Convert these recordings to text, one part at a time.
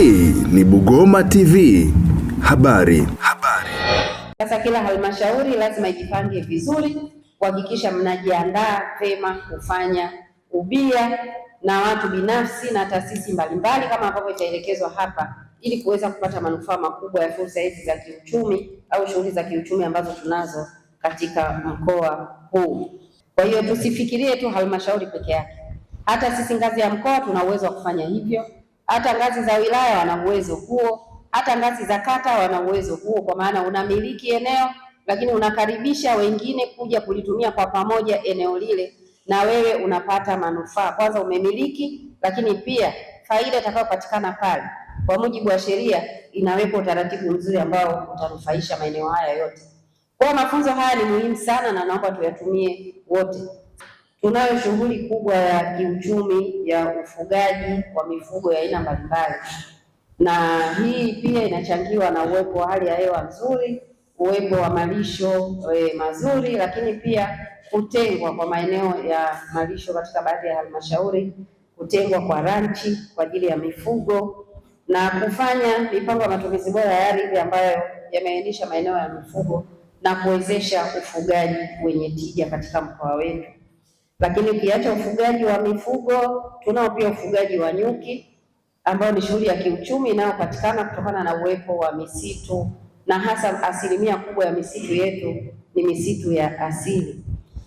Hii ni Bugoma TV habari. Habari. Sasa kila halmashauri lazima ijipange vizuri kuhakikisha mnajiandaa vema kufanya ubia na watu binafsi na taasisi mbalimbali kama ambavyo itaelekezwa hapa ili kuweza kupata manufaa makubwa ya fursa hizi za kiuchumi au shughuli za kiuchumi ambazo tunazo katika mkoa huu. Kwa hiyo tusifikirie tu halmashauri peke yake, hata sisi ngazi ya mkoa tuna uwezo wa kufanya hivyo hata ngazi za wilaya wana uwezo huo, hata ngazi za kata wana uwezo huo, kwa maana unamiliki eneo lakini unakaribisha wengine kuja kulitumia kwa pamoja eneo lile, na wewe unapata manufaa. Kwanza umemiliki, lakini pia faida itakayopatikana pale, kwa mujibu wa sheria, inawekwa utaratibu mzuri ambao utanufaisha maeneo haya yote. Kwa mafunzo haya ni muhimu sana, na naomba tuyatumie wote. Tunayo shughuli kubwa ya kiuchumi ya ufugaji wa mifugo ya aina mbalimbali, na hii pia inachangiwa na uwepo wa hali ya hewa nzuri, uwepo wa malisho e, mazuri, lakini pia kutengwa kwa maeneo ya malisho katika baadhi ya halmashauri, kutengwa kwa ranchi kwa ajili ya mifugo na kufanya mipango ya matumizi bora ya ardhi ambayo yameainisha maeneo ya mifugo na kuwezesha ufugaji wenye tija katika mkoa wetu. Lakini ukiacha ufugaji wa mifugo, tunao pia ufugaji wa nyuki ambayo ni shughuli ya kiuchumi inayopatikana kutokana na uwepo wa misitu, na hasa asilimia kubwa ya misitu yetu ni misitu ya asili.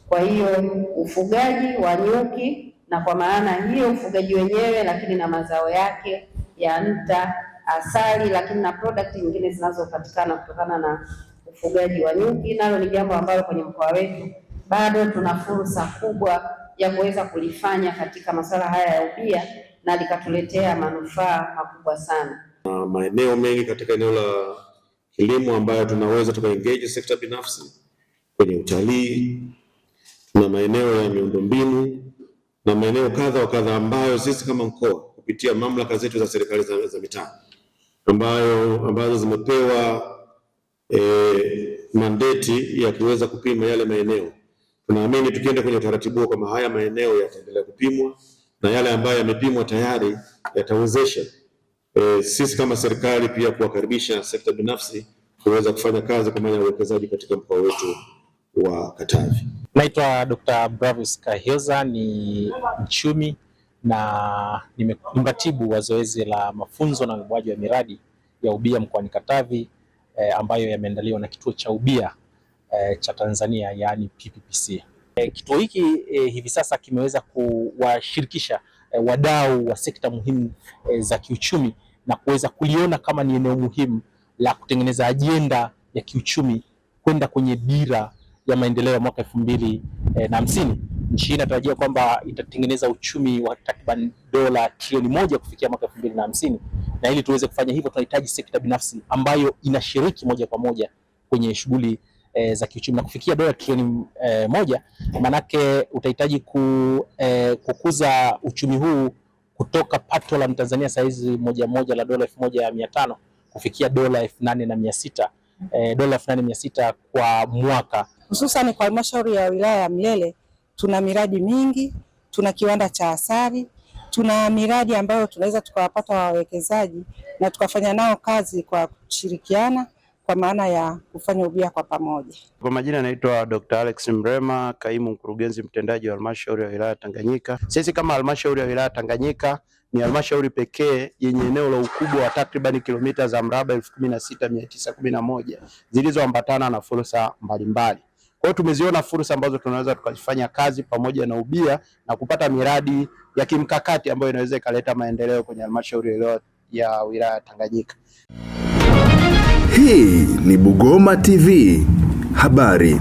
Kwa hiyo ufugaji wa nyuki, na kwa maana hiyo ufugaji wenyewe, lakini na mazao yake ya nta, asali, lakini na product nyingine zinazopatikana kutokana na ufugaji wa nyuki, nalo ni jambo ambalo kwenye mkoa wetu bado tuna fursa kubwa ya kuweza kulifanya katika masuala haya ya ubia na likatuletea manufaa makubwa sana. Na maeneo mengi katika eneo la kilimo ambayo tunaweza tukaengage sekta binafsi kwenye utalii, tuna maeneo ya miundombinu na maeneo kadha wa kadha ambayo sisi kama mkoa kupitia mamlaka zetu za serikali za, za mitaa ambayo ambazo zimepewa eh, mandeti ya kuweza kupima yale maeneo Tunaamini tukienda kwenye utaratibu huo kwamba haya maeneo yataendelea kupimwa na yale ambayo yamepimwa tayari yatawezesha e, sisi kama serikali pia kuwakaribisha sekta binafsi kuweza kufanya kazi kwa maana ya uwekezaji katika mkoa wetu wa Katavi. Naitwa Dr. Bravis Kaheza, ni mchumi na ni mratibu wa zoezi la mafunzo na uibuaji wa miradi ya ubia mkoani Katavi eh, ambayo yameandaliwa na kituo cha ubia eh, cha Tanzania yaani PPPC. Eh, kituo hiki eh, hivi sasa kimeweza kuwashirikisha eh, wadau wa sekta muhimu eh, za kiuchumi na kuweza kuliona kama ni eneo muhimu la kutengeneza ajenda ya kiuchumi kwenda kwenye dira ya maendeleo ya mwaka elfu mbili eh, na hamsini. Nchi hii inatarajia kwamba itatengeneza uchumi wa takriban dola trilioni moja kufikia mwaka elfu mbili na hamsini, na ili tuweze kufanya hivyo tunahitaji sekta binafsi ambayo inashiriki moja kwa moja kwenye shughuli e, za kiuchumi na kufikia dola trilioni e, moja, manake utahitaji ku, e, kukuza uchumi huu kutoka pato la Mtanzania saizi moja moja la dola elfu moja mia tano kufikia dola elfu nane na mia sita e, dola elfu nane mia sita kwa mwaka. Hususan kwa halmashauri ya wilaya ya Mlele tuna miradi mingi, tuna kiwanda cha asali tuna miradi ambayo tunaweza tukawapata wawekezaji na tukafanya nao kazi kwa kushirikiana kwa maana ya kufanya ubia kwa pamoja. Kwa majina naitwa Dr. Alex Mrema, kaimu mkurugenzi mtendaji wa halmashauri ya wilaya Tanganyika. Sisi kama halmashauri ya wilaya Tanganyika ni halmashauri pekee yenye eneo la ukubwa wa takribani kilomita za mraba 16911 zilizoambatana na fursa mbalimbali. Kwa hiyo tumeziona fursa ambazo tunaweza tukazifanya kazi pamoja na ubia na kupata miradi ya kimkakati ambayo inaweza ikaleta maendeleo kwenye halmashauri ya wilaya Tanganyika. Hii ni Bugoma TV. Habari.